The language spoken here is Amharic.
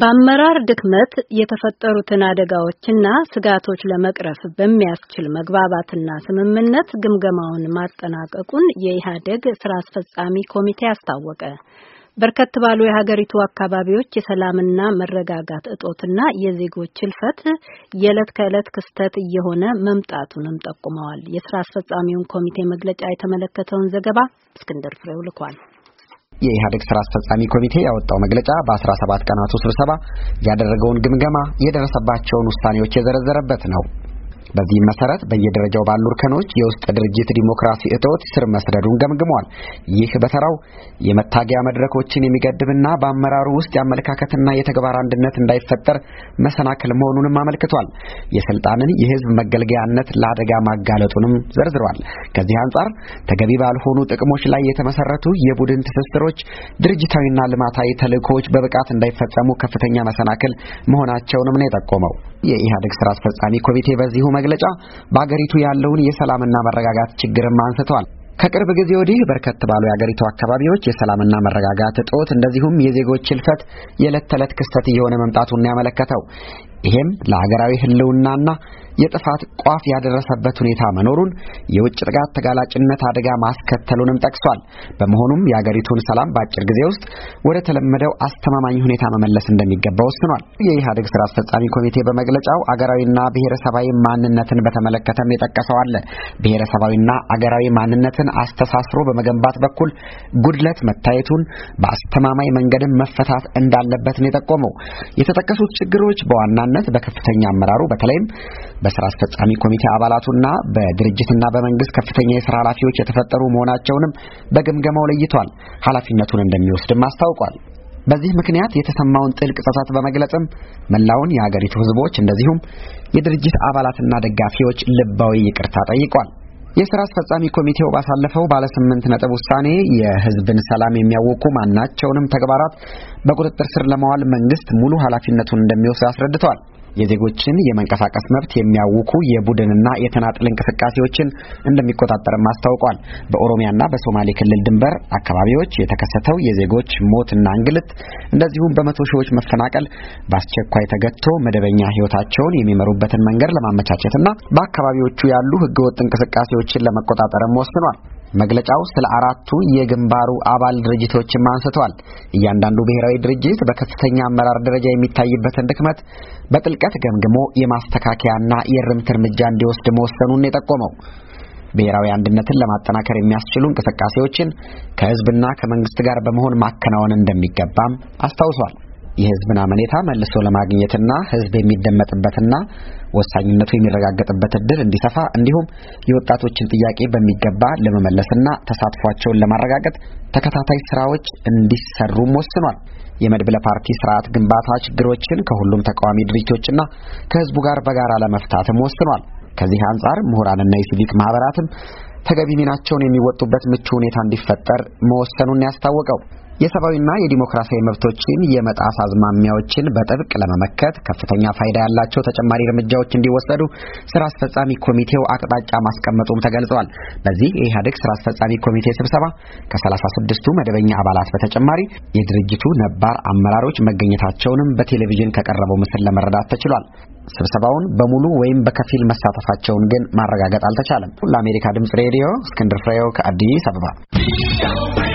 በአመራር ድክመት የተፈጠሩትን አደጋዎችና ስጋቶች ለመቅረፍ በሚያስችል መግባባትና ስምምነት ግምገማውን ማጠናቀቁን የኢህአደግ ስራ አስፈጻሚ ኮሚቴ አስታወቀ። በርከት ባሉ የሀገሪቱ አካባቢዎች የሰላምና መረጋጋት እጦትና የዜጎች ህልፈት የዕለት ከዕለት ክስተት እየሆነ መምጣቱንም ጠቁመዋል። የስራ አስፈጻሚውን ኮሚቴ መግለጫ የተመለከተውን ዘገባ እስክንድር ፍሬው ልኳል። የኢህአዴግ ስራ አስፈጻሚ ኮሚቴ ያወጣው መግለጫ በ17 ቀናቱ ስብሰባ ያደረገውን ግምገማ የደረሰባቸውን ውሳኔዎች የዘረዘረበት ነው። በዚህም መሰረት በየደረጃው ባሉ እርከኖች የውስጥ ድርጅት ዲሞክራሲ እጦት ስር መስደዱን ገምግሟል። ይህ በተራው የመታገያ መድረኮችን የሚገድብና በአመራሩ ውስጥ የአመለካከትና የተግባር አንድነት እንዳይፈጠር መሰናክል መሆኑንም አመልክቷል። የስልጣንን የህዝብ መገልገያነት ለአደጋ ማጋለጡንም ዘርዝሯል። ከዚህ አንጻር ተገቢ ባልሆኑ ጥቅሞች ላይ የተመሰረቱ የቡድን ትስስሮች፣ ድርጅታዊና ልማታዊ ተልእኮዎች በብቃት እንዳይፈጸሙ ከፍተኛ መሰናክል መሆናቸውንም ነው የጠቆመው። የኢህአዴግ ስራ አስፈጻሚ ኮሚቴ በዚሁ መግለጫ በአገሪቱ ያለውን የሰላምና መረጋጋት ችግርም አንስተዋል። ከቅርብ ጊዜ ወዲህ በርከት ባሉ የአገሪቱ አካባቢዎች የሰላምና መረጋጋት እጦት እንደዚሁም የዜጎች ህልፈት የዕለት ተዕለት ክስተት እየሆነ መምጣቱን ያመለከተው ይህም ለሀገራዊ ህልውናና የጥፋት ቋፍ ያደረሰበት ሁኔታ መኖሩን፣ የውጭ ጥቃት ተጋላጭነት አደጋ ማስከተሉንም ጠቅሷል። በመሆኑም የአገሪቱን ሰላም በአጭር ጊዜ ውስጥ ወደ ተለመደው አስተማማኝ ሁኔታ መመለስ እንደሚገባ ወስኗል። የኢህአዴግ ስራ አስፈጻሚ ኮሚቴ በመግለጫው አገራዊና ብሔረሰባዊ ማንነትን በተመለከተም የጠቀሰው አለ። ብሔረሰባዊና አገራዊ ማንነትን አስተሳስሮ በመገንባት በኩል ጉድለት መታየቱን በአስተማማኝ መንገድም መፈታት እንዳለበት ነው የጠቆመው። የተጠቀሱት ችግሮች በዋናነት በከፍተኛ አመራሩ በተለይም በስራ አስፈጻሚ ኮሚቴ አባላቱና በድርጅትና በመንግስት ከፍተኛ የስራ ኃላፊዎች የተፈጠሩ መሆናቸውንም በግምገማው ለይቷል። ኃላፊነቱን እንደሚወስድም አስታውቋል። በዚህ ምክንያት የተሰማውን ጥልቅ ጸጸት በመግለጽም መላውን የሀገሪቱ ህዝቦች እንደዚሁም የድርጅት አባላትና ደጋፊዎች ልባዊ ይቅርታ ጠይቋል። የስራ አስፈጻሚ ኮሚቴው ባሳለፈው ባለ ስምንት ነጥብ ውሳኔ የህዝብን ሰላም የሚያወቁ ማናቸውንም ተግባራት በቁጥጥር ስር ለማዋል መንግስት ሙሉ ኃላፊነቱን እንደሚወስድ አስረድተዋል። የዜጎችን የመንቀሳቀስ መብት የሚያውኩ የቡድንና የተናጥል እንቅስቃሴዎችን እንደሚቆጣጠርም አስታውቋል። በኦሮሚያና በሶማሌ ክልል ድንበር አካባቢዎች የተከሰተው የዜጎች ሞትና እንግልት እንደዚሁም በመቶ ሺዎች መፈናቀል በአስቸኳይ ተገጥቶ መደበኛ ሕይወታቸውን የሚመሩበትን መንገድ ለማመቻቸትና በአካባቢዎቹ ያሉ ሕገወጥ እንቅስቃሴዎችን ለመቆጣጠርም ወስኗል። መግለጫው ስለ አራቱ የግንባሩ አባል ድርጅቶችም አንስቷል። እያንዳንዱ ብሔራዊ ድርጅት በከፍተኛ አመራር ደረጃ የሚታይበትን ድክመት በጥልቀት ገምግሞ የማስተካከያና የእርምት እርምጃ እንዲወስድ መወሰኑን የጠቆመው ብሔራዊ አንድነትን ለማጠናከር የሚያስችሉ እንቅስቃሴዎችን ከህዝብና ከመንግስት ጋር በመሆን ማከናወን እንደሚገባም አስታውሷል። የህዝብን አመኔታ መልሶ ለማግኘትና ህዝብ የሚደመጥበትና ወሳኝነቱ የሚረጋገጥበት እድል እንዲሰፋ እንዲሁም የወጣቶችን ጥያቄ በሚገባ ለመመለስና ተሳትፏቸውን ለማረጋገጥ ተከታታይ ስራዎች እንዲሰሩም ወስኗል። የመድብለ ፓርቲ ስርዓት ግንባታ ችግሮችን ከሁሉም ተቃዋሚ ድርጅቶችና ከህዝቡ ጋር በጋራ ለመፍታትም ወስኗል። ከዚህ አንጻር ምሁራንና የሲቪክ ማህበራትም ተገቢ ሚናቸውን የሚወጡበት ምቹ ሁኔታ እንዲፈጠር መወሰኑን ያስታወቀው የሰብአዊና የዲሞክራሲያዊ መብቶችን የመጣስ አዝማሚያዎችን በጥብቅ ለመመከት ከፍተኛ ፋይዳ ያላቸው ተጨማሪ እርምጃዎች እንዲወሰዱ ስራ አስፈጻሚ ኮሚቴው አቅጣጫ ማስቀመጡም ተገልጿል። በዚህ የኢህአዴግ ስራ አስፈጻሚ ኮሚቴ ስብሰባ ከ36ቱ መደበኛ አባላት በተጨማሪ የድርጅቱ ነባር አመራሮች መገኘታቸውንም በቴሌቪዥን ከቀረበው ምስል ለመረዳት ተችሏል። ስብሰባውን በሙሉ ወይም በከፊል መሳተፋቸውን ግን ማረጋገጥ አልተቻለም። ለአሜሪካ ድምጽ ሬዲዮ እስክንድር ፍሬው ከአዲስ አበባ